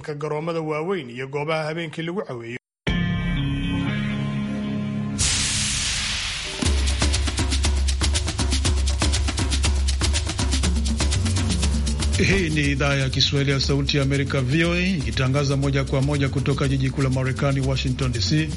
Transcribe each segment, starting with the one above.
ka garoomada waaweyn iyo goobaha habeenkii lagu caweeyo Hii ni idhaa ya Kiswahili ya Sauti ya Amerika, VOA, ikitangaza moja kwa moja kutoka jiji kuu la Marekani, Washington DC.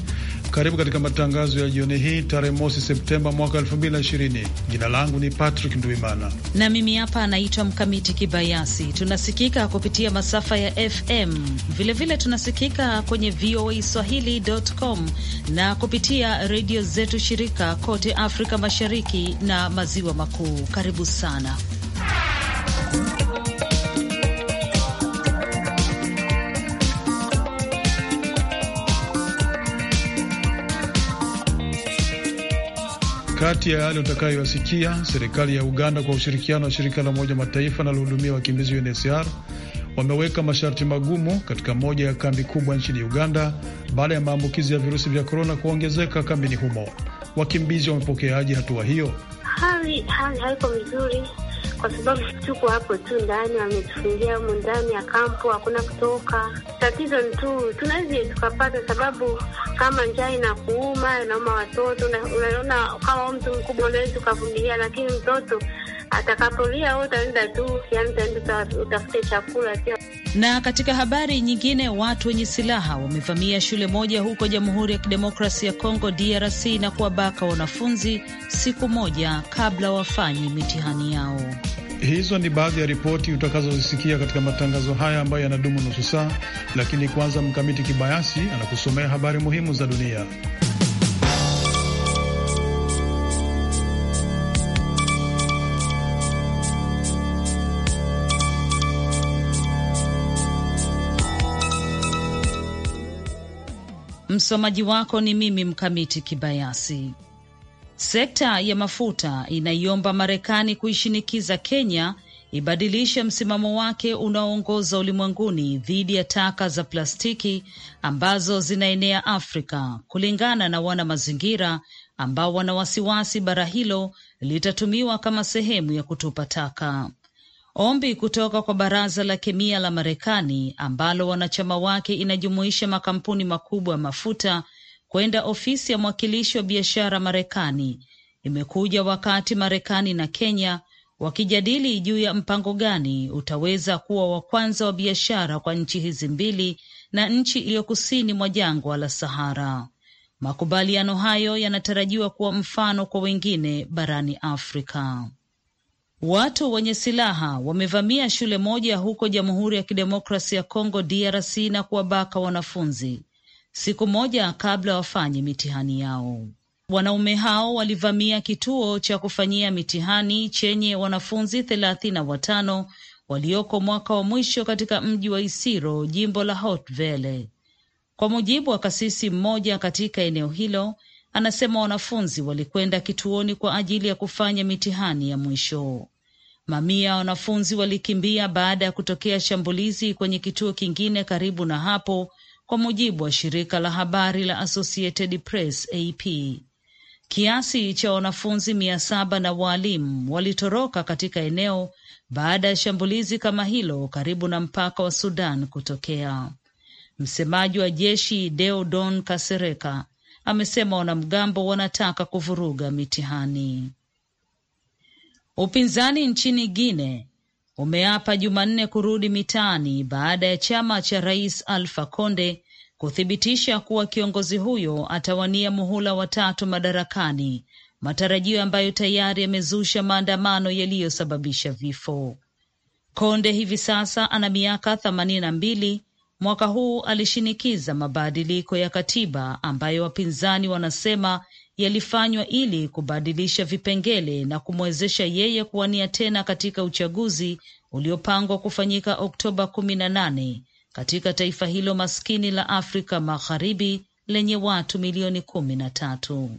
Karibu katika matangazo ya jioni hii tarehe mosi Septemba mwaka ishirini. Jina langu ni Patrick Ndwimana na mimi hapa anaitwa Mkamiti Kibayasi. Tunasikika kupitia masafa ya FM, vilevile vile tunasikika kwenye VOA Swahili.com na kupitia redio zetu shirika kote Afrika Mashariki na Maziwa Makuu. Karibu sana. Kati ya yale utakayoyasikia, serikali ya Uganda kwa ushirikiano wa shirika la Umoja Mataifa linalohudumia wakimbizi UNHCR wameweka masharti magumu katika moja ya kambi kubwa nchini Uganda baada ya maambukizi ya virusi vya korona kuongezeka kambini humo. Wakimbizi wamepokeaje hatua hiyo? hali haiko vizuri, kwa sababu tuko hapo tu ndani, wametufungia humu ndani ya kampu, hakuna kutoka. Tatizo ni tu tunaweza tukapata, sababu kama njaa inakuuma, inauma watoto, unaona kama mtu mkubwa unaweza ukavumilia, lakini mtoto atakapolia utaenda tu, yani utaenda utafute chakula pia. Na katika habari nyingine, watu wenye silaha wamevamia shule moja huko Jamhuri ya kidemokrasi ya Kongo DRC na kuwabaka wanafunzi siku moja kabla wafanye mitihani yao. Hizo ni baadhi ya ripoti utakazozisikia katika matangazo haya ambayo yanadumu nusu saa, lakini kwanza, Mkamiti Kibayasi anakusomea habari muhimu za dunia. Msomaji wako ni mimi Mkamiti Kibayasi. Sekta ya mafuta inaiomba Marekani kuishinikiza Kenya ibadilishe msimamo wake unaoongoza ulimwenguni dhidi ya taka za plastiki ambazo zinaenea Afrika, kulingana na wana mazingira ambao wana wasiwasi bara hilo litatumiwa kama sehemu ya kutupa taka. Ombi kutoka kwa baraza la kemia la Marekani ambalo wanachama wake inajumuisha makampuni makubwa ya mafuta kwenda ofisi ya mwakilishi wa biashara Marekani imekuja wakati Marekani na Kenya wakijadili juu ya mpango gani utaweza kuwa wa kwanza wa biashara kwa nchi hizi mbili na nchi iliyo kusini mwa jangwa la Sahara. Makubaliano hayo yanatarajiwa kuwa mfano kwa wengine barani Afrika. Watu wenye silaha wamevamia shule moja huko Jamhuri ya Kidemokrasi ya Kongo, DRC, na kuwabaka wanafunzi siku moja kabla wafanye mitihani yao. Wanaume hao walivamia kituo cha kufanyia mitihani chenye wanafunzi thelathini na watano walioko mwaka wa mwisho katika mji wa Isiro, jimbo la Hot Vele. Kwa mujibu wa kasisi mmoja katika eneo hilo, anasema wanafunzi walikwenda kituoni kwa ajili ya kufanya mitihani ya mwisho. Mamia ya wanafunzi walikimbia baada ya kutokea shambulizi kwenye kituo kingine karibu na hapo kwa mujibu wa shirika la habari la Associated Press AP. Kiasi cha wanafunzi mia saba na waalimu walitoroka katika eneo baada ya shambulizi kama hilo karibu na mpaka wa Sudan kutokea. Msemaji wa jeshi Deodon Kasereka amesema wanamgambo wanataka kuvuruga mitihani. Upinzani nchini guine umeapa Jumanne kurudi mitaani baada ya chama cha rais Alfa Conde kuthibitisha kuwa kiongozi huyo atawania muhula watatu madarakani, matarajio ambayo tayari yamezusha maandamano yaliyosababisha vifo. Konde hivi sasa ana miaka themanini na mbili. Mwaka huu alishinikiza mabadiliko ya katiba ambayo wapinzani wanasema yalifanywa ili kubadilisha vipengele na kumwezesha yeye kuwania tena katika uchaguzi uliopangwa kufanyika Oktoba kumi na nane katika taifa hilo maskini la Afrika Magharibi lenye watu milioni kumi na tatu.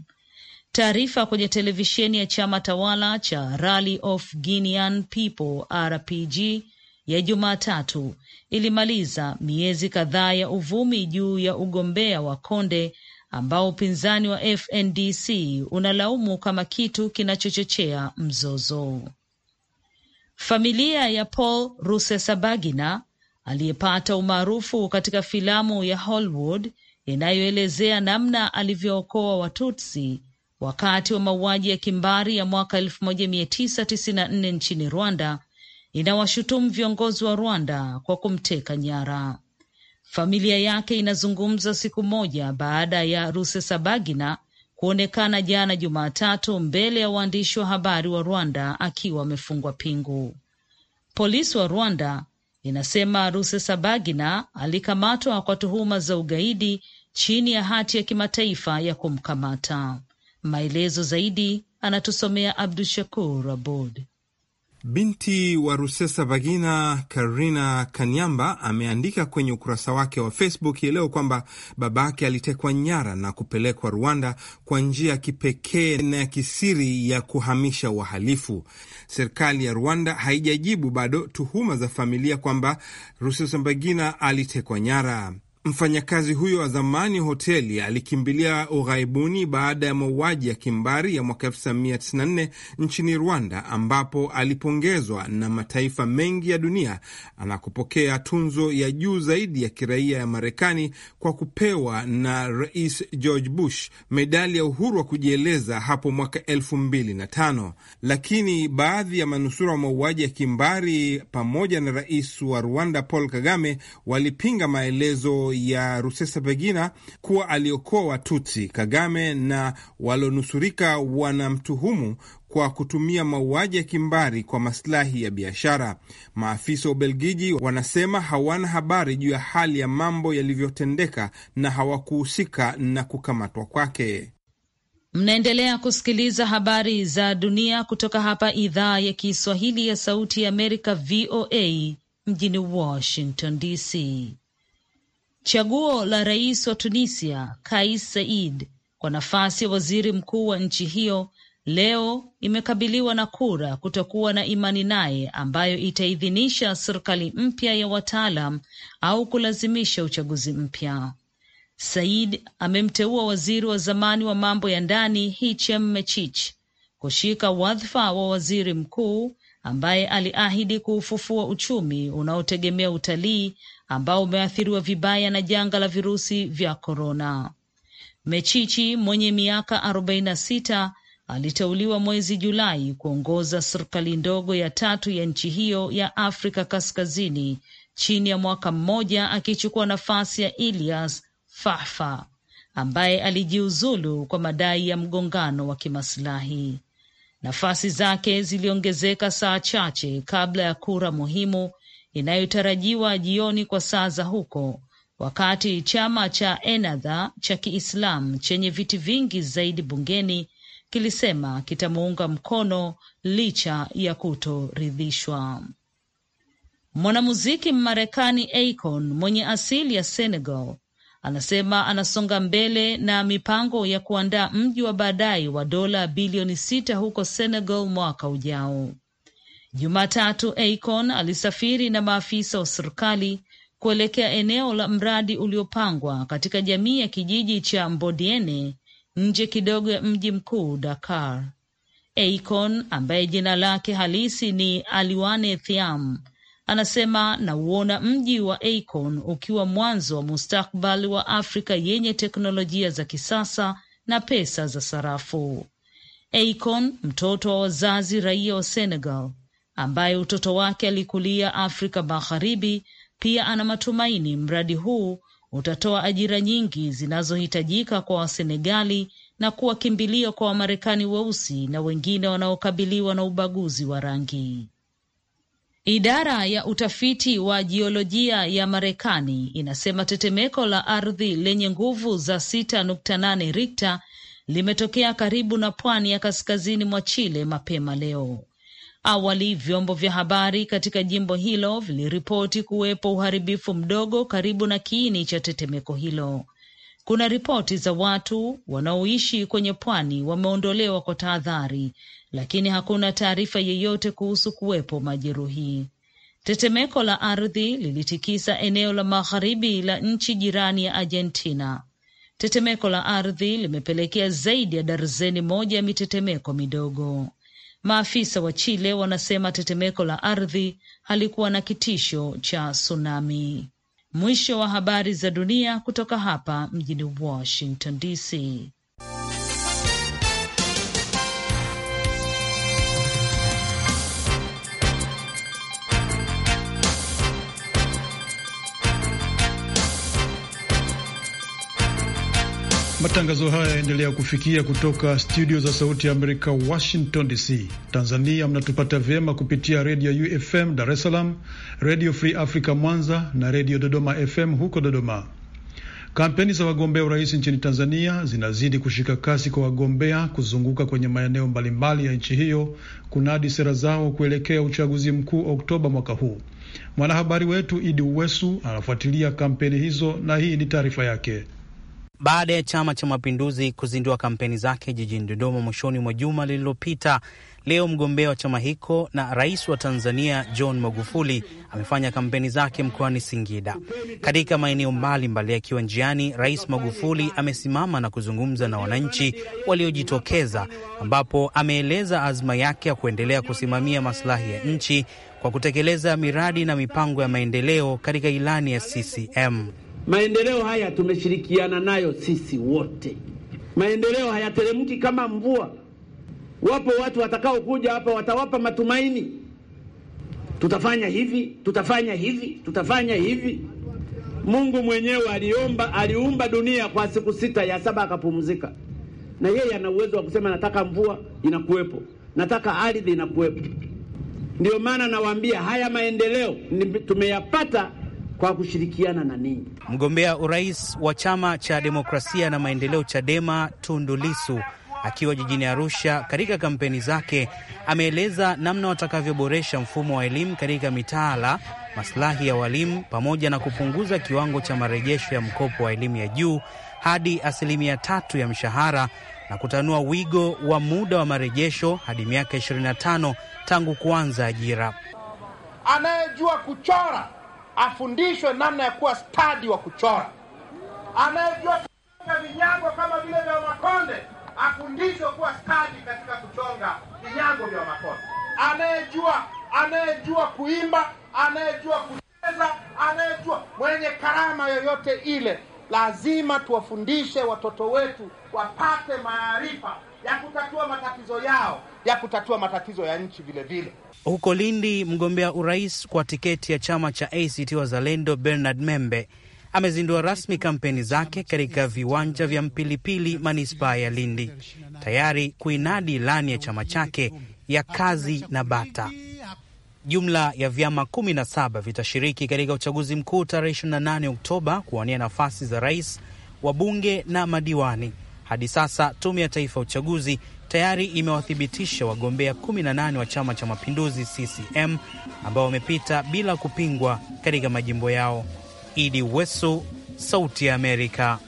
Taarifa kwenye televisheni ya chama tawala cha Rally of Guinean People RPG ya Jumatatu ilimaliza miezi kadhaa ya uvumi juu ya ugombea wa Konde ambao upinzani wa FNDC unalaumu kama kitu kinachochochea mzozo. Familia ya Paul Rusesabagina aliyepata umaarufu katika filamu ya Hollywood inayoelezea namna alivyookoa Watutsi wakati wa mauaji ya kimbari ya mwaka 1994 nchini Rwanda, inawashutumu viongozi wa Rwanda kwa kumteka nyara. Familia yake inazungumza siku moja baada ya Rusesabagina kuonekana jana Jumatatu mbele ya waandishi wa habari wa Rwanda akiwa amefungwa pingu. Polisi wa Rwanda inasema Rusesabagina alikamatwa kwa tuhuma za ugaidi chini ya hati ya kimataifa ya kumkamata. Maelezo zaidi anatusomea Abdu Shakur Abud. Binti wa rusesa bagina Karina Kanyamba, ameandika kwenye ukurasa wake wa Facebook hii leo kwamba babake alitekwa nyara na kupelekwa Rwanda kwa njia ya kipekee na ya kisiri ya kuhamisha wahalifu. Serikali ya Rwanda haijajibu bado tuhuma za familia kwamba Rusesabagina alitekwa nyara. Mfanyakazi huyo wa zamani hoteli alikimbilia ughaibuni baada ya mauaji ya kimbari ya mwaka 1994 nchini Rwanda, ambapo alipongezwa na mataifa mengi ya dunia na kupokea tunzo ya juu zaidi ya kiraia ya Marekani kwa kupewa na Rais George Bush medali ya uhuru wa kujieleza hapo mwaka 2005. Lakini baadhi ya manusura wa mauaji ya kimbari pamoja na rais wa Rwanda Paul Kagame walipinga maelezo ya Rusesabagina kuwa aliokoa Watutsi. Kagame na walionusurika wanamtuhumu kwa kutumia mauaji ya kimbari kwa masilahi ya biashara. Maafisa wa Ubelgiji wanasema hawana habari juu ya hali ya mambo yalivyotendeka na hawakuhusika na kukamatwa kwake. Mnaendelea kusikiliza habari za dunia kutoka hapa idhaa ya Kiswahili ya Sauti ya Amerika, VOA mjini Washington DC. Chaguo la rais wa Tunisia Kais Saied kwa nafasi ya waziri mkuu wa nchi hiyo leo imekabiliwa na kura kutokuwa na imani naye ambayo itaidhinisha serikali mpya ya wataalam au kulazimisha uchaguzi mpya. Said amemteua waziri wa zamani wa mambo ya ndani Hichem Mechich kushika wadhifa wa waziri mkuu ambaye aliahidi kuufufua uchumi unaotegemea utalii ambao umeathiriwa vibaya na janga la virusi vya korona. Mechichi mwenye miaka 46 aliteuliwa mwezi Julai kuongoza serikali ndogo ya tatu ya nchi hiyo ya Afrika Kaskazini chini ya mwaka mmoja, akichukua nafasi ya Elias Fafa ambaye alijiuzulu kwa madai ya mgongano wa kimasilahi. Nafasi zake ziliongezeka saa chache kabla ya kura muhimu inayotarajiwa jioni kwa saa za huko, wakati chama cha Enadha cha Kiislamu chenye viti vingi zaidi bungeni kilisema kitamuunga mkono licha ya kutoridhishwa. Mwanamuziki Mmarekani Akon mwenye asili ya Senegal anasema anasonga mbele na mipango ya kuandaa mji wa baadaye wa dola bilioni sita huko Senegal mwaka ujao. Jumatatu, Acon alisafiri na maafisa wa serikali kuelekea eneo la mradi uliopangwa katika jamii ya kijiji cha Mbodiene nje kidogo ya mji mkuu Dakar. Acon ambaye jina lake halisi ni Aliwane Thiam anasema nauona mji wa Acon ukiwa mwanzo wa mustakbali wa Afrika yenye teknolojia za kisasa na pesa za sarafu. Acon, mtoto wa wazazi raia wa Senegal, ambaye utoto wake alikulia Afrika Magharibi, pia ana matumaini mradi huu utatoa ajira nyingi zinazohitajika kwa Wasenegali na kuwa kimbilio kwa Wamarekani weusi na wengine wanaokabiliwa na ubaguzi wa rangi. Idara ya utafiti wa jiolojia ya Marekani inasema tetemeko la ardhi lenye nguvu za 6.8 Richter limetokea karibu na pwani ya kaskazini mwa Chile mapema leo. Awali vyombo vya habari katika jimbo hilo viliripoti kuwepo uharibifu mdogo karibu na kiini cha tetemeko hilo. Kuna ripoti za watu wanaoishi kwenye pwani wameondolewa kwa tahadhari, lakini hakuna taarifa yeyote kuhusu kuwepo majeruhi. Tetemeko la ardhi lilitikisa eneo la magharibi la nchi jirani ya Argentina. Tetemeko la ardhi limepelekea zaidi ya darzeni moja ya mitetemeko midogo. Maafisa wa Chile wanasema tetemeko la ardhi halikuwa na kitisho cha tsunami. Mwisho wa habari za dunia kutoka hapa mjini Washington DC. Matangazo haya yaendelea kufikia kutoka studio za Sauti ya Amerika, Washington DC. Tanzania mnatupata vyema kupitia redio UFM Dar es Salaam, redio Free Africa Mwanza na redio Dodoma FM huko Dodoma. Kampeni za wagombea urais nchini Tanzania zinazidi kushika kasi kwa wagombea kuzunguka kwenye maeneo mbalimbali ya nchi hiyo kunadi sera zao kuelekea uchaguzi mkuu Oktoba mwaka huu. Mwanahabari wetu Idi Uwesu anafuatilia kampeni hizo na hii ni taarifa yake baada ya Chama cha Mapinduzi kuzindua kampeni zake jijini Dodoma mwishoni mwa juma lililopita. Leo mgombea wa chama hicho na rais wa Tanzania John Magufuli amefanya kampeni zake mkoani Singida katika maeneo mbalimbali. Akiwa njiani, Rais Magufuli amesimama na kuzungumza na wananchi waliojitokeza, ambapo ameeleza azma yake ya kuendelea kusimamia masilahi ya nchi kwa kutekeleza miradi na mipango ya maendeleo katika ilani ya CCM. Maendeleo haya tumeshirikiana nayo sisi wote. Maendeleo hayateremki kama mvua. Wapo watu watakaokuja hapa watawapa matumaini, tutafanya hivi, tutafanya hivi, tutafanya hivi. Mungu mwenyewe aliomba, aliumba dunia kwa siku sita, ya saba akapumzika, na yeye ana uwezo wa kusema nataka mvua, inakuwepo, nataka ardhi, inakuwepo. Ndiyo maana nawaambia haya maendeleo tumeyapata kwa kushirikiana na ninyi. Mgombea urais wa chama cha demokrasia na maendeleo Chadema, Tundu Lisu akiwa jijini Arusha katika kampeni zake ameeleza namna watakavyoboresha mfumo wa elimu katika mitaala, masilahi ya walimu, pamoja na kupunguza kiwango cha marejesho ya mkopo wa elimu ya juu hadi asilimia tatu ya mshahara na kutanua wigo wa muda wa marejesho hadi miaka 25 tangu kuanza ajira. Anayejua kuchora afundishwe namna ya kuwa stadi wa kuchora. Anayejua kuchonga vinyago kama vile vya Makonde afundishwe kuwa stadi katika kuchonga vinyago vya Makonde. Anayejua anayejua kuimba, anayejua kucheza, anayejua mwenye karama yoyote ile, lazima tuwafundishe watoto wetu wapate maarifa ya kutatua matatizo yao, ya kutatua matatizo ya nchi vilevile vile. Huko Lindi, mgombea urais kwa tiketi ya chama cha ACT Wazalendo Bernard Membe amezindua rasmi kampeni zake katika viwanja vya Mpilipili manispaa ya Lindi, tayari kuinadi ilani ya chama chake ya kazi na bata. Jumla ya vyama 17 vitashiriki katika uchaguzi mkuu tarehe 28 Oktoba kuwania nafasi za rais, wabunge na madiwani. Hadi sasa Tume ya Taifa ya Uchaguzi tayari imewathibitisha wagombea 18 wa Chama cha Mapinduzi CCM ambao wamepita bila kupingwa katika majimbo yao. Idi Wesu, Sauti ya Amerika.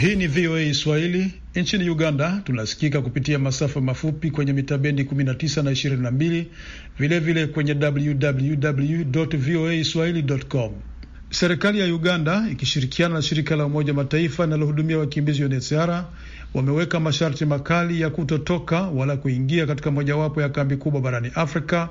Hii ni VOA Swahili. Nchini Uganda tunasikika kupitia masafa mafupi kwenye mitabendi 19 na 22, vilevile kwenye www voa swahili com. Serikali ya Uganda ikishirikiana na shirika la Umoja Mataifa linalohudumia wakimbizi UNHCR wameweka masharti makali ya kutotoka wala kuingia katika mojawapo ya kambi kubwa barani Afrika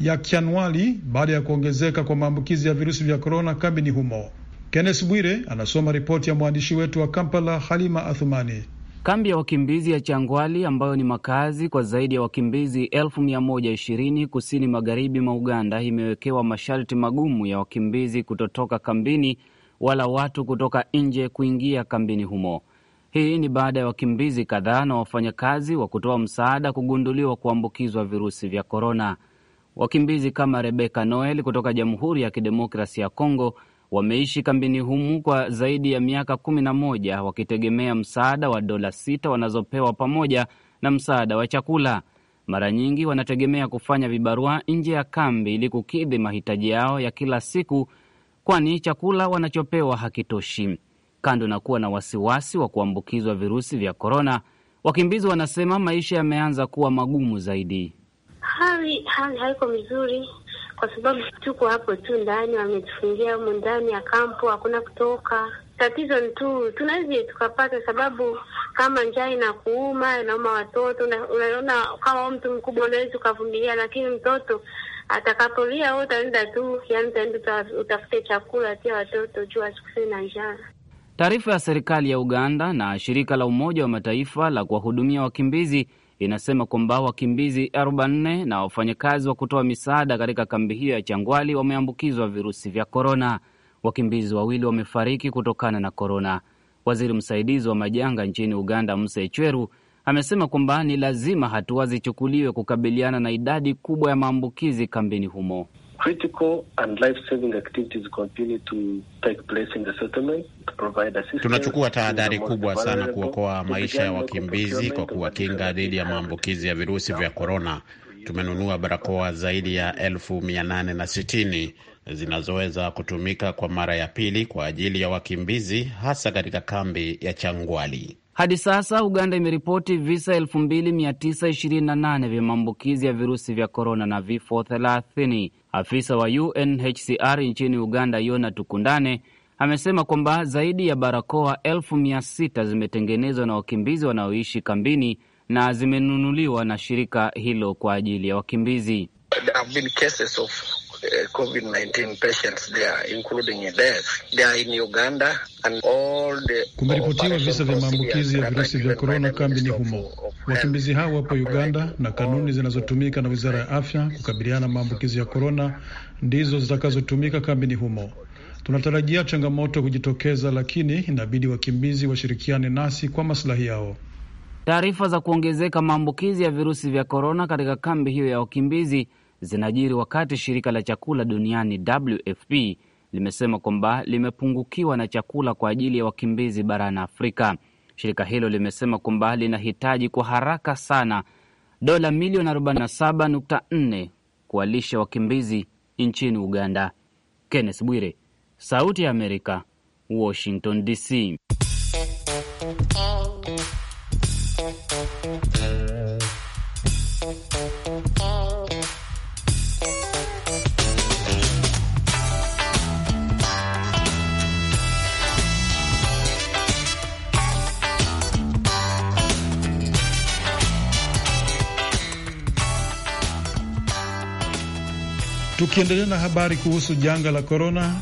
ya Kianwali baada ya kuongezeka kwa maambukizi ya virusi vya korona kambini humo. Kennes Bwire anasoma ripoti ya mwandishi wetu wa Kampala, Halima Athumani. Kambi ya wakimbizi ya Changwali ambayo ni makazi kwa zaidi ya wakimbizi elfu mia moja ishirini kusini magharibi mwa Uganda imewekewa masharti magumu ya wakimbizi kutotoka kambini wala watu kutoka nje kuingia kambini humo. Hii ni baada ya wakimbizi kadhaa na wafanyakazi wa kutoa msaada kugunduliwa kuambukizwa virusi vya korona. Wakimbizi kama Rebeka Noel kutoka Jamhuri ya Kidemokrasi ya Kongo wameishi kambini humu kwa zaidi ya miaka kumi na moja wakitegemea msaada wa dola sita wanazopewa pamoja na msaada wa chakula. Mara nyingi wanategemea kufanya vibarua nje ya kambi ili kukidhi mahitaji yao ya kila siku, kwani chakula wanachopewa hakitoshi. Kando na kuwa na wasiwasi wa kuambukizwa virusi vya korona, wakimbizi wanasema maisha yameanza kuwa magumu zaidi. Hali hali haiko vizuri, kwa sababu tuko hapo tu ndani, wametufungia humu ndani ya kampu, hakuna kutoka. Tatizo ni tu tunaweza tukapata, sababu kama njaa inakuuma, inauma watoto, unaona kama mtu mkubwa unaweza ukavumilia, lakini mtoto atakapolia wewe utaenda tu, yani utaenda utafute chakula pia watoto juu asikusi na njaa. Taarifa ya serikali ya Uganda na shirika la Umoja wa Mataifa la kuwahudumia wakimbizi inasema kwamba wakimbizi 44 na wafanyakazi wa kutoa misaada katika kambi hiyo ya Changwali wameambukizwa virusi vya korona. Wakimbizi wawili wamefariki kutokana na korona. Waziri msaidizi wa majanga nchini Uganda, Musa Echweru, amesema kwamba ni lazima hatua zichukuliwe kukabiliana na idadi kubwa ya maambukizi kambini humo. Tunachukua tahadhari kubwa sana kuokoa maisha ya wakimbizi kwa kuwakinga dhidi ya maambukizi ya virusi vya korona. Tumenunua barakoa zaidi ya elfu mia nane na sitini zinazoweza kutumika kwa mara ya pili kwa ajili ya wakimbizi hasa katika kambi ya Changwali. Hadi sasa Uganda imeripoti visa 2928 vya maambukizi ya virusi vya korona na vifo Afisa wa UNHCR nchini Uganda, Yona Tukundane, amesema kwamba zaidi ya barakoa elfu mia sita zimetengenezwa na wakimbizi wanaoishi kambini na zimenunuliwa na shirika hilo kwa ajili ya wakimbizi. There have been cases of Eh, COVID-19 patients there, including death. They are in Uganda and all the. Kumeripotiwa visa vya maambukizi ya virusi vya korona ni humo. Wakimbizi hao wapo Uganda na kanuni zinazotumika na wizara ya afya kukabiliana na maambukizi ya korona ndizo zitakazotumika kambini humo. Tunatarajia changamoto kujitokeza, lakini inabidi wakimbizi washirikiane nasi kwa maslahi yao. Taarifa za kuongezeka maambukizi ya virusi vya korona katika kambi hiyo ya wakimbizi zinajiri wakati shirika la chakula duniani WFP limesema kwamba limepungukiwa na chakula kwa ajili ya wakimbizi barani Afrika. Shirika hilo limesema kwamba linahitaji kwa haraka sana dola milioni 47.4 kuwalisha wakimbizi nchini Uganda. Kenneth Bwire, Sauti ya Amerika, Washington DC. Tukiendelea na habari kuhusu janga la korona,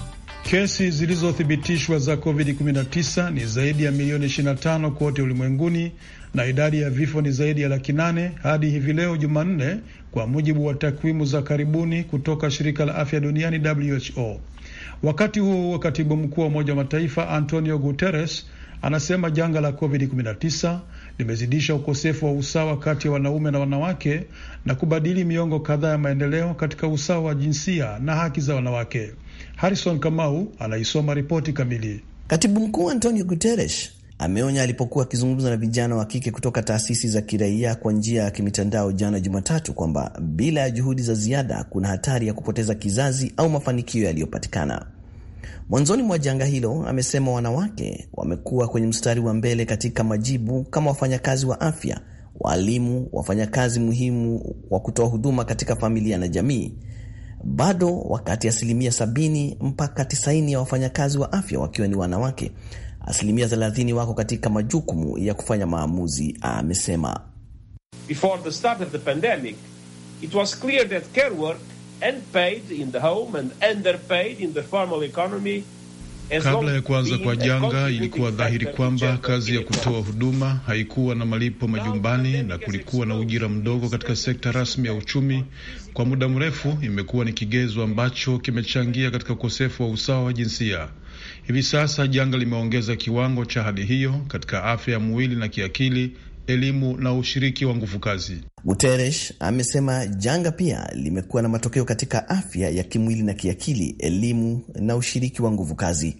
kesi zilizothibitishwa za COVID-19 ni zaidi ya milioni 25 kote ulimwenguni na idadi ya vifo ni zaidi ya laki nane hadi hivi leo Jumanne, kwa mujibu wa takwimu za karibuni kutoka shirika la afya duniani WHO. Wakati huo huo, katibu mkuu wa Umoja wa Mataifa Antonio Guterres anasema janga la COVID-19 limezidisha ukosefu wa usawa kati ya wanaume na wanawake na kubadili miongo kadhaa ya maendeleo katika usawa wa jinsia na haki za wanawake. Harrison Kamau anaisoma ripoti kamili. Katibu Mkuu Antonio Guterres ameonya alipokuwa akizungumza na vijana wa kike kutoka taasisi za kiraia kwa njia ya kimitandao jana Jumatatu kwamba bila ya juhudi za ziada kuna hatari ya kupoteza kizazi au mafanikio yaliyopatikana. Mwanzoni mwa janga hilo, amesema wanawake wamekuwa kwenye mstari wa mbele katika majibu kama wafanyakazi wa afya, waalimu, wafanyakazi muhimu wa kutoa huduma katika familia na jamii. Bado wakati asilimia 70 mpaka 90 ya wafanyakazi wa afya wakiwa ni wanawake, asilimia 30 wako katika majukumu ya kufanya maamuzi, amesema. Before the start of the pandemic, it was clear that care work unpaid in the home and underpaid in the formal economy. Kabla ya kuanza kwa janga, ilikuwa dhahiri kwamba kazi ya kutoa huduma haikuwa na malipo majumbani na kulikuwa na ujira mdogo katika sekta rasmi ya uchumi. Kwa muda mrefu, imekuwa ni kigezo ambacho kimechangia katika ukosefu wa usawa wa jinsia. Hivi sasa janga limeongeza kiwango cha hali hiyo katika afya ya mwili na kiakili elimu na ushiriki wa nguvu kazi. Guterres amesema janga pia limekuwa na matokeo katika afya ya kimwili na kiakili, elimu na ushiriki wa nguvu kazi.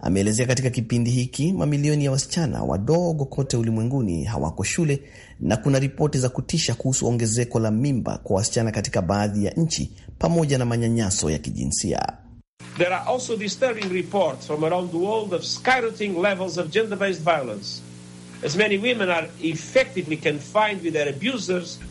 Ameelezea katika kipindi hiki mamilioni ya wasichana wadogo kote ulimwenguni hawako shule na kuna ripoti za kutisha kuhusu ongezeko la mimba kwa wasichana katika baadhi ya nchi pamoja na manyanyaso ya kijinsia. There are also disturbing reports from around the world of skyrocketing levels of gender-based violence.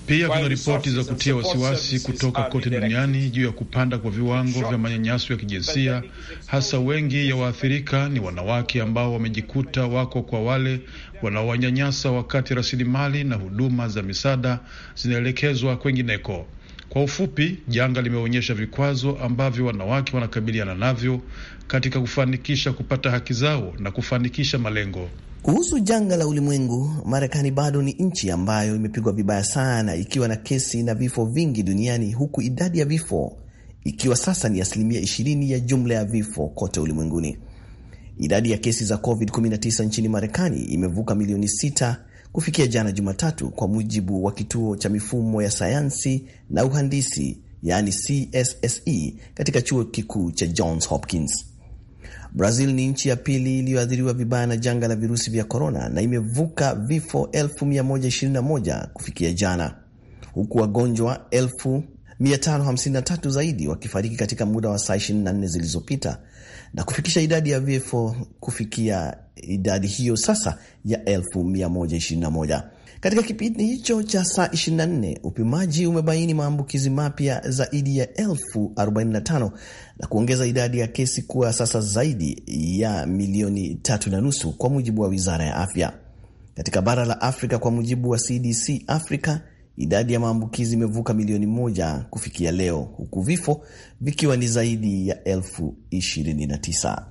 Pia kuna ripoti za kutia wasiwasi kutoka kote duniani juu ya kupanda kwa viwango vya manyanyaso ya kijinsia, hasa wengi ya waathirika ni wanawake ambao wamejikuta wako kwa wale wanaowanyanyasa, wakati rasilimali na huduma za misaada zinaelekezwa kwengineko. Kwa ufupi, janga limeonyesha vikwazo ambavyo wanawake wanakabiliana navyo katika kufanikisha kupata haki zao na kufanikisha malengo. Kuhusu janga la ulimwengu, Marekani bado ni nchi ambayo imepigwa vibaya sana, ikiwa na kesi na vifo vingi duniani, huku idadi ya vifo ikiwa sasa ni asilimia 20 ya jumla ya vifo kote ulimwenguni. Idadi ya kesi za COVID-19 nchini Marekani imevuka milioni sita kufikia jana Jumatatu, kwa mujibu wa kituo cha mifumo ya sayansi na uhandisi yaani CSSE katika chuo kikuu cha Johns Hopkins. Brazil ni nchi ya pili iliyoathiriwa vibaya na janga la virusi vya korona na imevuka vifo 1121 kufikia jana, huku wagonjwa 1553 zaidi wakifariki katika muda wa saa 24 zilizopita, na kufikisha idadi ya vifo kufikia idadi hiyo sasa ya 1121. Katika kipindi hicho cha saa 24 upimaji umebaini maambukizi mapya zaidi ya 45 na kuongeza idadi ya kesi kuwa sasa zaidi ya milioni tatu na nusu, kwa mujibu wa wizara ya afya. Katika bara la Afrika, kwa mujibu wa CDC Africa, idadi ya maambukizi imevuka milioni moja kufikia leo, huku vifo vikiwa ni zaidi ya elfu 29.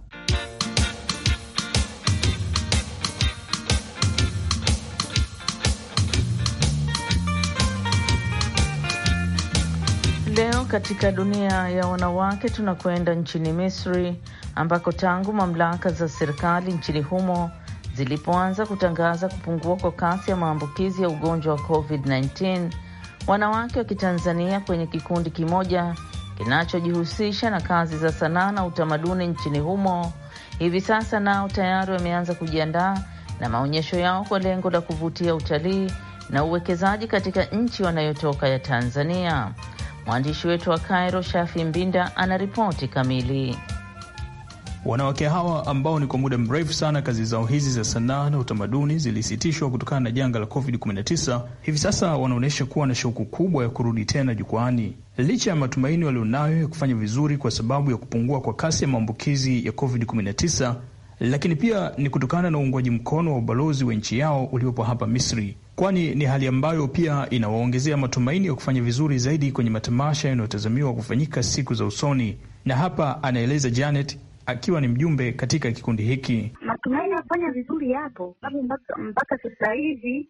Leo katika dunia ya wanawake tunakwenda nchini Misri ambako tangu mamlaka za serikali nchini humo zilipoanza kutangaza kupungua kwa kasi ya maambukizi ya ugonjwa wa COVID-19, wanawake wa Kitanzania kwenye kikundi kimoja kinachojihusisha na kazi za sanaa na utamaduni nchini humo hivi sasa nao tayari wameanza kujiandaa na maonyesho yao kwa lengo la kuvutia utalii na uwekezaji katika nchi wanayotoka ya Tanzania. Mwandishi wetu wa Cairo, Shafi Mbinda, ana ripoti kamili. Wanawake hawa ambao ni kwa muda mrefu sana kazi zao hizi za sanaa na utamaduni zilisitishwa kutokana na janga la COVID-19, hivi sasa wanaonyesha kuwa na shauku kubwa ya kurudi tena jukwaani licha ya matumaini walionayo ya kufanya vizuri kwa sababu ya kupungua kwa kasi ya maambukizi ya COVID-19, lakini pia ni kutokana na uungwaji mkono wa ubalozi wa nchi yao uliopo hapa Misri, kwani ni hali ambayo pia inawaongezea matumaini ya kufanya vizuri zaidi kwenye matamasha yanayotazamiwa kufanyika siku za usoni. Na hapa anaeleza Janet akiwa ni mjumbe katika kikundi hiki. Matumaini ya kufanya vizuri yapo, sababu mpaka sasa hivi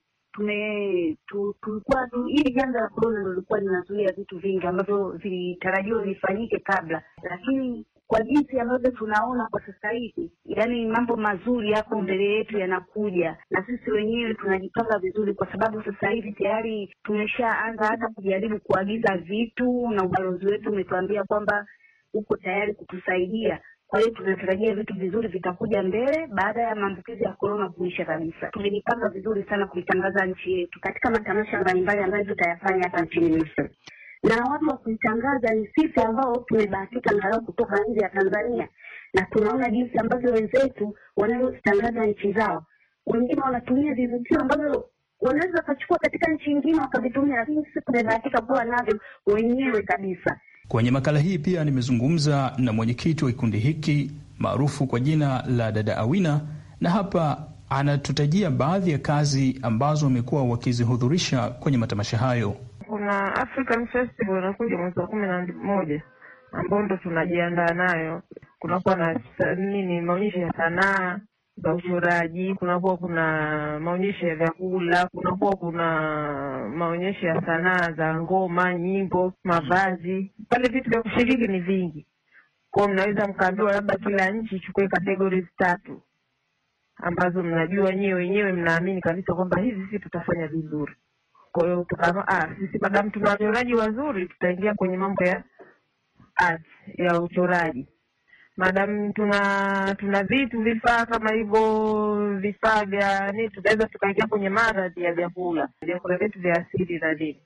tulikuwa hili janga la korona ndo lilikuwa linazuia vitu vingi ambavyo vilitarajiwa vifanyike kabla, lakini kwa jinsi ambavyo tunaona kwa sasa hivi, yani mambo mazuri yako mbele yetu yanakuja, na sisi wenyewe tunajipanga vizuri, kwa sababu sasa hivi tayari tumeshaanza hata kujaribu kuagiza vitu, na ubalozi wetu umetuambia kwamba uko tayari kutusaidia. Kwa hiyo tunatarajia vitu vizuri vitakuja mbele baada ya maambukizi ya korona kuisha kabisa. Tumejipanga vizuri sana kuitangaza nchi yetu katika matamasha mbalimbali ambayo tutayafanya hapa nchini Misri, na watu wa kuitangaza ni sisi ambao tumebahatika angalau kutoka nje ya Tanzania, na tunaona jinsi ambavyo wenzetu wanavyozitangaza nchi zao. Wengine wanatumia vivutio ambavyo wanaweza wakachukua katika nchi nyingine wakavitumia, lakini sisi tumebahatika kuwa navyo wenyewe kabisa. Kwenye makala hii pia nimezungumza na mwenyekiti wa kikundi hiki maarufu kwa jina la Dada Awina, na hapa anatutajia baadhi ya kazi ambazo wamekuwa wakizihudhurisha kwenye matamasha hayo. Kuna African Festival inakuja mwezi wa kumi na moja ambao ndo tunajiandaa nayo. Kunakuwa na nini, maonyesho ya sanaa za uchoraji, kunakuwa kuna maonyesho ya vyakula, kunakuwa kuna maonyesho ya sanaa za ngoma, nyimbo, mavazi. Pale vitu vya kushiriki ni vingi, kwa mnaweza mkaambiwa labda kila nchi ichukue categories tatu ambazo mnajua nyie wenyewe mnaamini kabisa kwamba hizi sisi tutafanya vizuri. Kwa hiyo ah, sisi badala tuna wachoraji wazuri, tutaingia kwenye mambo ya art ya uchoraji madam tuna tuna vitu vifaa kama hivyo vifaa vya nini, tunaweza tukaingia kwenye maradhi ya vyakula vyakula vyetu vya asili na nini.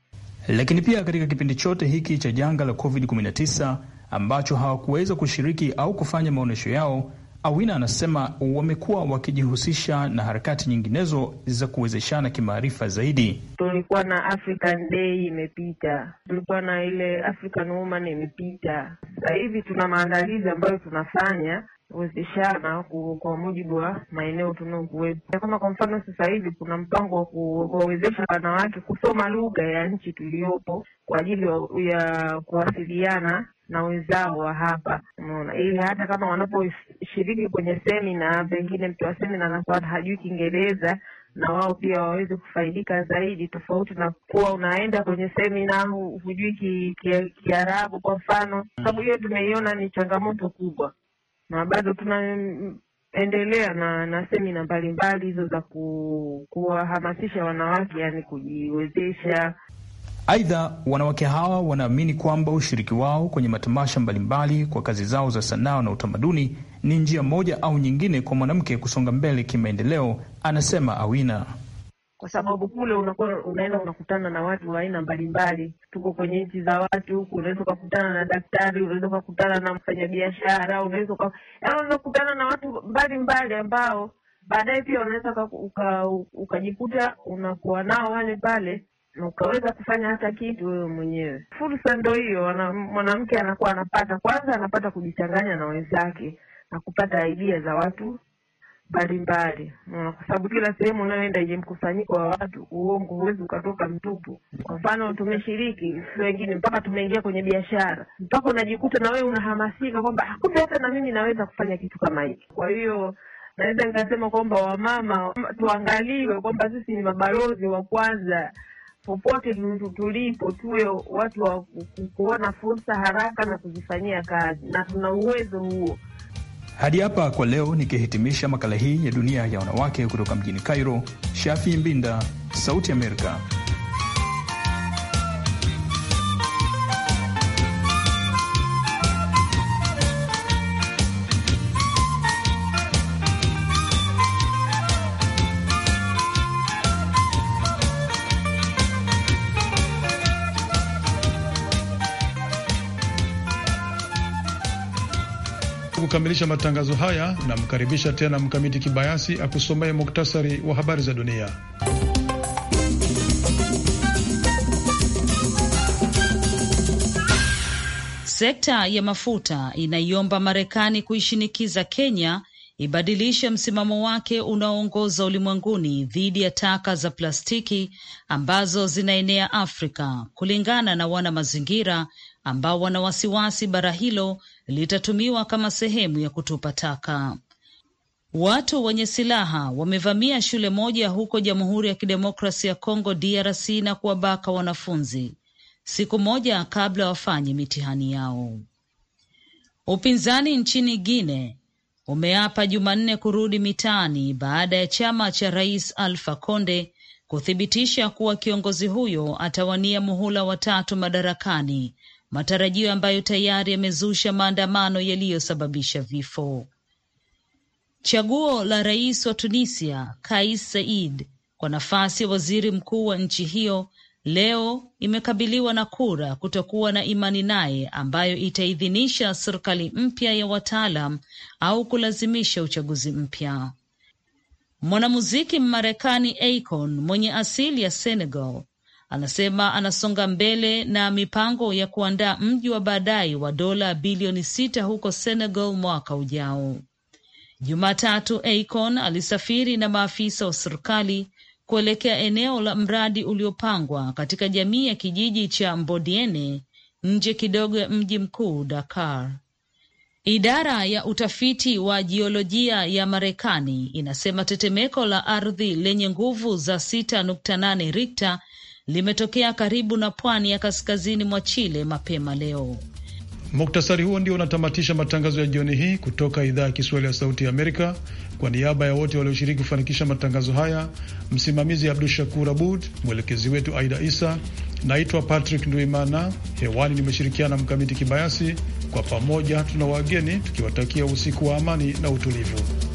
Lakini pia katika kipindi chote hiki cha janga la COVID-19 ambacho hawakuweza kushiriki au kufanya maonyesho yao Awina anasema wamekuwa wakijihusisha na harakati nyinginezo za kuwezeshana kimaarifa zaidi. Tulikuwa na African Day imepita, tulikuwa na ile African Woman imepita. Sasa hivi tuna maandalizi ambayo tunafanya kuwezeshana kwa mujibu wa maeneo tunaokuwepo. Kama kwa mfano sasa hivi kuna mpango wa kuwawezesha wanawake kusoma lugha ya nchi tuliyopo kwa ajili ya kuwasiliana na wenzao wa hapa, umeona, ili hata kama wanaposhiriki kwenye semina, pengine mtu wa semina anakuwa hajui Kiingereza na wao pia waweze kufaidika zaidi, tofauti na kuwa unaenda kwenye semina hujui Kiarabu ki, ki kwa mfano, sababu hiyo tumeiona ni changamoto kubwa na bado tunaendelea na na semina mbalimbali hizo za ku, kuwahamasisha wanawake yani kujiwezesha. Aidha, wanawake hawa wanaamini kwamba ushiriki wao kwenye matamasha mbalimbali kwa kazi zao za sanaa na utamaduni ni njia moja au nyingine kwa mwanamke kusonga mbele kimaendeleo, anasema Awina kwa sababu kule unakuwa unaenda unakutana na watu wa aina mbalimbali. Tuko kwenye nchi za watu huku, unaweza ukakutana na daktari, unaweza ukakutana na mfanyabiashara, unaweza ukakutana yaani na watu mbalimbali mbali ambao baadaye pia unaweza ukajikuta unakuwa nao wale pale na ukaweza kufanya hata kitu wewe mwenyewe. Fursa ndo hiyo mwanamke anakuwa anapata, kwanza anapata kujichanganya na wenzake na kupata aidia za watu mbalimbali mm, kwa sababu kila sehemu unayoenda yenye mkusanyiko wa watu, uongo huwezi ukatoka mtupu. Kwa mfano tumeshiriki wengine, mpaka tumeingia kwenye biashara, mpaka unajikuta na wewe unahamasika kwamba kumbe hata na mimi naweza kufanya kitu kama hiki. Kwa hiyo naweza nikasema kwamba wamama tuangaliwe kwamba sisi ni mabalozi wa kwanza popote tulipo tuwe watu wa kuona fursa haraka na kuzifanyia kazi, na tuna uwezo huo. Hadi hapa kwa leo, nikihitimisha makala hii ya dunia ya wanawake kutoka mjini Cairo, Shafi Mbinda, Sauti Amerika. kukamilisha matangazo haya, namkaribisha tena Mkamiti Kibayasi akusomee muktasari wa habari za dunia. Sekta ya mafuta inaiomba Marekani kuishinikiza Kenya ibadilishe msimamo wake unaoongoza ulimwenguni dhidi ya taka za plastiki ambazo zinaenea Afrika, kulingana na wana mazingira ambao wana wasiwasi bara hilo litatumiwa kama sehemu ya kutupa taka. Watu wenye silaha wamevamia shule moja huko Jamhuri ya Kidemokrasi ya Kongo DRC na kuwabaka wanafunzi siku moja kabla wafanye mitihani yao. Upinzani nchini Guine umeapa Jumanne kurudi mitaani baada ya chama cha rais Alfa Conde kuthibitisha kuwa kiongozi huyo atawania muhula watatu madarakani matarajio ambayo tayari yamezusha maandamano yaliyosababisha vifo. Chaguo la rais wa Tunisia Kais Saied kwa nafasi ya waziri mkuu wa nchi hiyo leo imekabiliwa na kura kutokuwa na imani naye, ambayo itaidhinisha serikali mpya ya wataalam au kulazimisha uchaguzi mpya. Mwanamuziki Mmarekani Akon mwenye asili ya Senegal anasema anasonga mbele na mipango ya kuandaa mji wa baadaye wa dola bilioni sita huko Senegal mwaka ujao. Jumatatu, Akon alisafiri na maafisa wa serikali kuelekea eneo la mradi uliopangwa katika jamii ya kijiji cha Mbodiene nje kidogo ya mji mkuu Dakar. Idara ya utafiti wa jiolojia ya Marekani inasema tetemeko la ardhi lenye nguvu za 6.8 Richter limetokea karibu na pwani ya kaskazini mwa Chile mapema leo. Muktasari huo ndio unatamatisha matangazo ya jioni hii kutoka idhaa ya Kiswahili ya Sauti ya Amerika. Kwa niaba ya wote walioshiriki kufanikisha matangazo haya, msimamizi Abdu Shakur Abud, mwelekezi wetu Aida Isa. Naitwa Patrick Nduimana, hewani nimeshirikiana na Mkamiti Kibayasi. Kwa pamoja tuna wageni tukiwatakia usiku wa amani na utulivu.